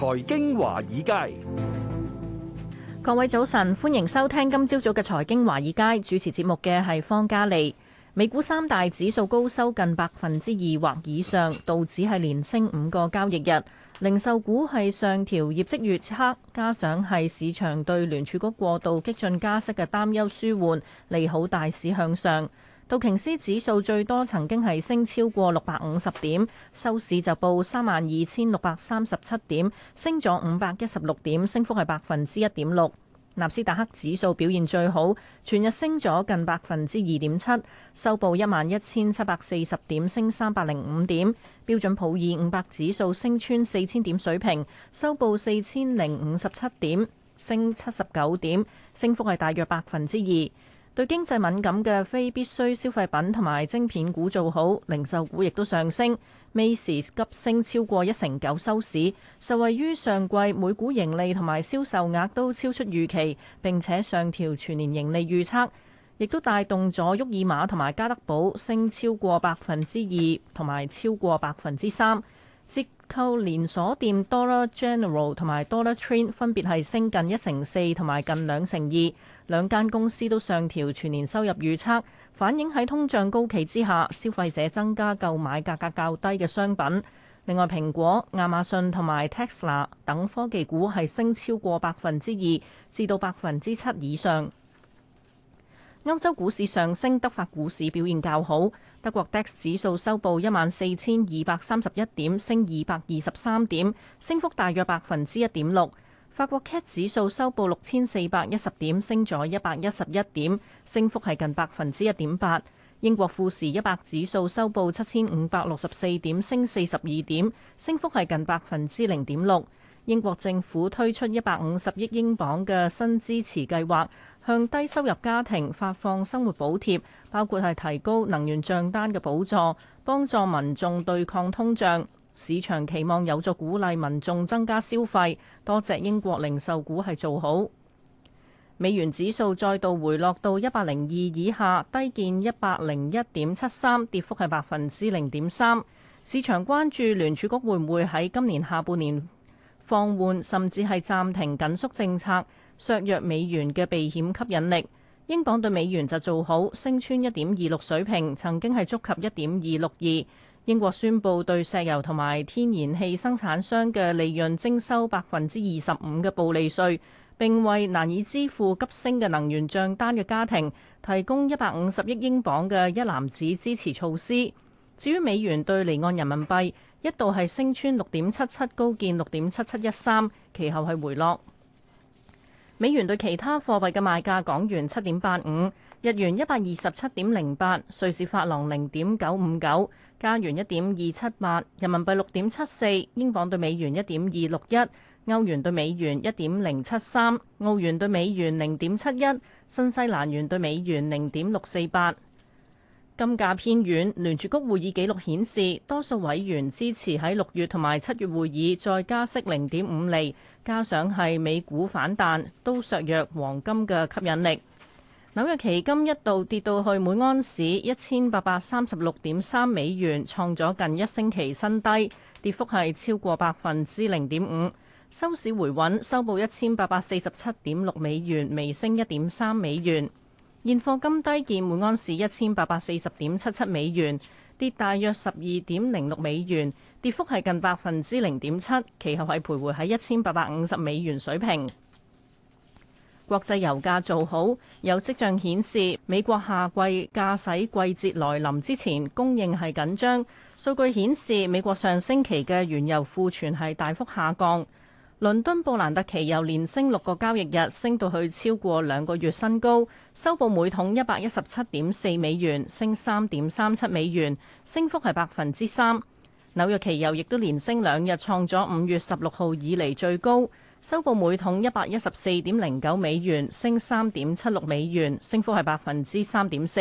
財經華爾街，各位早晨，歡迎收聽今朝早嘅財經華爾街。主持節目嘅係方嘉利。美股三大指數高收近百分之二或以上，道指係連升五個交易日，零售股係上調業績預測，加上係市場對聯儲局過度激進加息嘅擔憂舒緩，利好大市向上。道瓊斯指數最多曾經係升超過六百五十點，收市就報三萬二千六百三十七點，升咗五百一十六點，升幅係百分之一點六。納斯達克指數表現最好，全日升咗近百分之二點七，收報一萬一千七百四十點，升三百零五點。標準普爾五百指數升穿四千點水平，收報四千零五十七點，升七十九點，升幅係大約百分之二。對經濟敏感嘅非必需消費品同埋晶片股做好，零售股亦都上升。Macy's 急升超過一成九收市，受惠於上季每股盈利同埋銷售額都超出預期，並且上調全年盈利預測，亦都帶動咗沃爾瑪同埋加德寶升超過百分之二同埋超過百分之三。折扣連鎖店 Dollar General 同埋 Dollar Tree 分別係升近一成四同埋近兩成二，兩間公司都上調全年收入預測，反映喺通脹高企之下，消費者增加購買價格，格較低嘅商品。另外，蘋果、亞馬遜同埋 Tesla 等科技股係升超過百分之二至到百分之七以上。歐洲股市上升，德法股市表現較好。德國 DAX 指數收報一萬四千二百三十一點，升二百二十三點，升幅大約百分之一點六。法國 CAC 指數收報六千四百一十點，升咗一百一十一點，升幅係近百分之一點八。英國富時一百指數收報七千五百六十四點，升四十二點，升幅係近百分之零點六。英國政府推出一百五十億英鎊嘅新支持計劃。向低收入家庭發放生活補貼，包括係提高能源賬單嘅補助，幫助民眾對抗通脹。市場期望有助鼓勵民眾增加消費，多隻英國零售股係做好。美元指數再度回落到一百零二以下，低見一百零一點七三，跌幅係百分之零點三。市場關注聯儲局會唔會喺今年下半年。放緩，甚至係暫停緊縮政策，削弱美元嘅避險吸引力。英鎊對美元就做好，升穿一點二六水平，曾經係觸及一點二六二。英國宣布對石油同埋天然氣生產商嘅利潤徵收百分之二十五嘅暴利稅，並為難以支付急升嘅能源帳單嘅家庭提供一百五十億英鎊嘅一攬子支持措施。至於美元對離岸人民幣。一度係升穿六點七七高見六點七七一三，其後係回落。美元對其他貨幣嘅賣價：港元七點八五，日元一百二十七點零八，瑞士法郎零點九五九，加元一點二七八，人民幣六點七四，英鎊對美元一點二六一，歐元對美元一點零七三，澳元對美元零點七一，新西蘭元對美元零點六四八。金價偏軟，聯儲局會議記錄顯示，多數委員支持喺六月同埋七月會議再加息零點五厘，加上係美股反彈，都削弱黃金嘅吸引力。紐約期金一度跌到去每安士一千八百三十六點三美元，創咗近一星期新低，跌幅係超過百分之零點五。收市回穩，收報一千八百四十七點六美元，微升一點三美元。現貨金低見每盎士一千八百四十點七七美元，跌大約十二點零六美元，跌幅係近百分之零點七，其後係徘徊喺一千八百五十美元水平。國際油價做好，有跡象顯示美國夏季駕駛季節來臨之前，供應係緊張。數據顯示美國上星期嘅原油庫存係大幅下降。倫敦布蘭特期油連升六個交易日，升到去超過兩個月新高，收報每桶一百一十七點四美元，升三點三七美元，升幅係百分之三。紐約期油亦都連升兩日，創咗五月十六號以嚟最高，收報每桶一百一十四點零九美元，升三點七六美元，升幅係百分之三點四。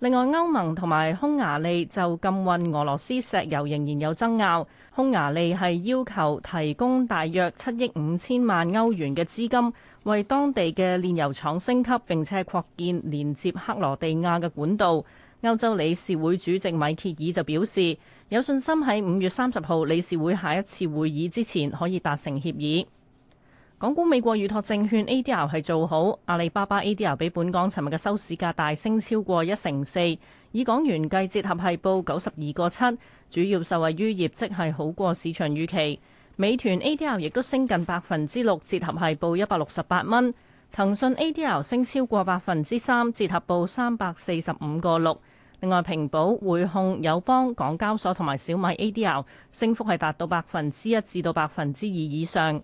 另外，歐盟同埋匈牙利就禁運俄羅斯石油仍然有爭拗。匈牙利係要求提供大約七億五千萬歐元嘅資金，為當地嘅煉油廠升級並且擴建連接克羅地亞嘅管道。歐洲理事會主席米歇爾就表示，有信心喺五月三十號理事會下一次會議之前可以達成協議。港股美國預託證券 ADR 係做好，阿里巴巴 ADR 比本港尋日嘅收市價大升超過一成四，以港元計，折合係報九十二個七，主要受惠於業績係好過市場預期。美團 ADR 亦都升近百分之六，折合係報一百六十八蚊。騰訊 ADR 升超過百分之三，折合報三百四十五個六。另外，平保、匯控、友邦、港交所同埋小米 ADR 升幅係達到百分之一至到百分之二以上。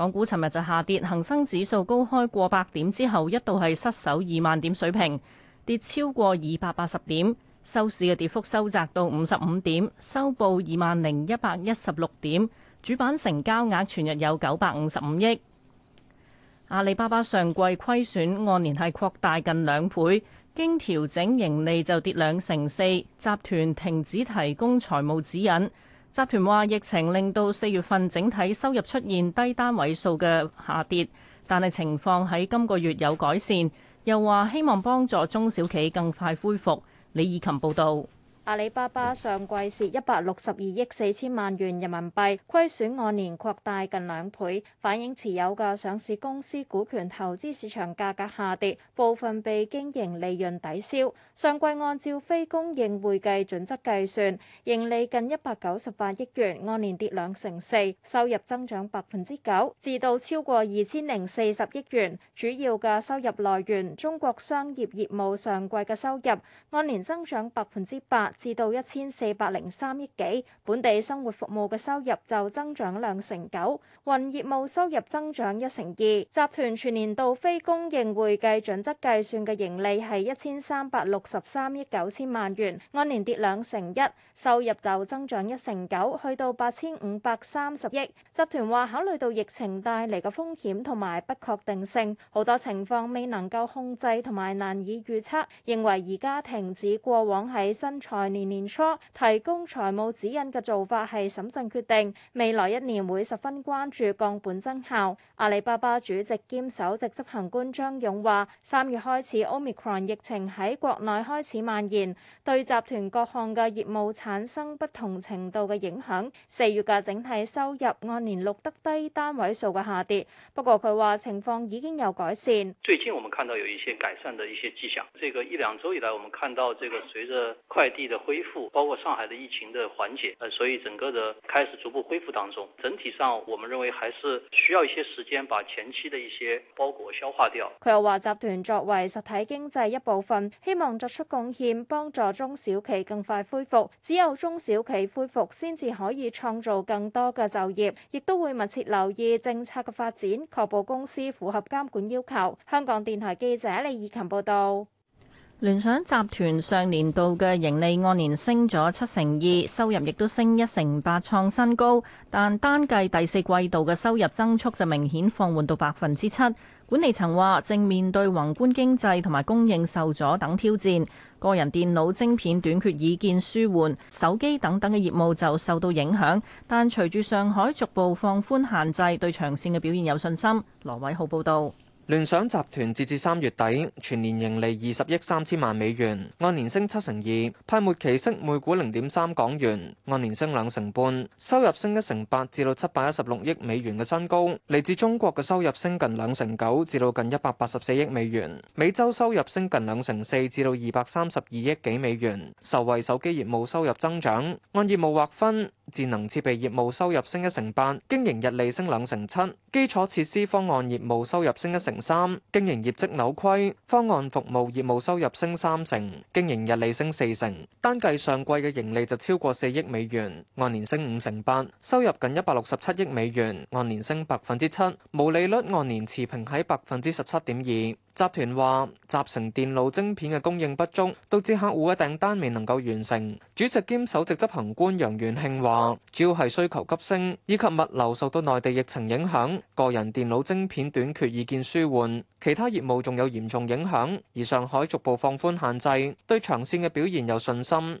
港股尋日就下跌，恒生指數高開過百點之後，一度係失守二萬點水平，跌超過二百八十點，收市嘅跌幅收窄到五十五點，收報二萬零一百一十六點。主板成交額全日有九百五十五億。阿里巴巴上季虧損按年係擴大近兩倍，經調整盈利就跌兩成四，集團停止提供財務指引。集團話疫情令到四月份整體收入出現低單位數嘅下跌，但係情況喺今個月有改善，又話希望幫助中小企更快恢復。李以琴報導。阿里巴巴上季蝕一百六十二億四千萬元人民幣，虧損按年擴大近兩倍，反映持有嘅上市公司股權投資市場價格下跌，部分被經營利潤抵消。上季按照非公認會計準則計算，盈利近一百九十八億元，按年跌兩成四，收入增長百分之九，至到超過二千零四十億元。主要嘅收入來源中國商業業務上季嘅收入按年增長百分之八。至到一千四百零三億幾，本地生活服務嘅收入就增長兩成九，雲業務收入增長一成二。集團全年度非公認會計準則計算嘅盈利係一千三百六十三億九千萬元，按年跌兩成一，收入就增長一成九，去到八千五百三十億。集團話考慮到疫情帶嚟嘅風險同埋不確定性，好多情況未能夠控制同埋難以預測，認為而家停止過往喺新賽。年年初提供財務指引嘅做法係審慎決定，未來一年會十分關注降本增效。阿里巴巴主席兼首席執行官張勇話三月開始 Omicron 疫情喺國內開始蔓延，對集團各項嘅業務產生不同程度嘅影響，四月嘅整體收入按年錄得低單位數嘅下跌，不過，佢話情況已經有改善。最近我們看到有一些改善的一些跡象，這個一兩周以來，我們看到這個隨着快遞，嘅恢復，包括上海嘅疫情嘅緩解，所以整個嘅開始逐步恢復當中，整體上我們認為還是需要一些時間把前期的一些包裹消化掉，佢又話集團作為實體經濟一部分，希望作出貢獻幫助中小企更快恢復，只有中小企恢復先至可以創造更多嘅就業，亦都會密切留意政策嘅發展，確保公司符合監管要求。香港電台記者李以琴報道。聯想集團上年度嘅盈利按年升咗七成二，收入亦都升一成八，創新高。但單計第四季度嘅收入增速就明顯放緩到百分之七。管理層話正面對宏觀經濟同埋供應受阻等挑戰，個人電腦晶片短缺已見舒緩，手機等等嘅業務就受到影響。但隨住上海逐步放寬限制，對長線嘅表現有信心。羅偉浩報道。聯想集團截至三月底全年盈利二十億三千萬美元，按年升七成二，派末期息每股零點三港元，按年升兩成半。收入升一成八，至到七百一十六億美元嘅新高，嚟自中國嘅收入升近兩成九，至到近一百八十四億美元，美洲收入升近兩成四，至到二百三十二億幾美元，受惠手機業務收入增長。按業務劃分，智能設備業務收入升一成八，經營溢利升兩成七，基礎設施方案業務收入升一成。三經營業績扭虧，方案服務業務收入升三成，經營溢利升四成，單計上季嘅盈利就超過四億美元，按年升五成八，收入近一百六十七億美元，按年升百分之七，毛利率按年持平喺百分之十七點二。集團話集成電腦晶片嘅供應不足，導致客戶嘅訂單未能夠完成。主席兼首席執行官楊元慶話主要係需求急升以及物流受到內地疫情影響，個人電腦晶片短缺意見舒緩，其他業務仲有嚴重影響，而上海逐步放寬限制對長線嘅表現有信心。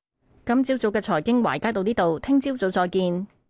今朝早嘅財經華爾街到呢度，聽朝早再見。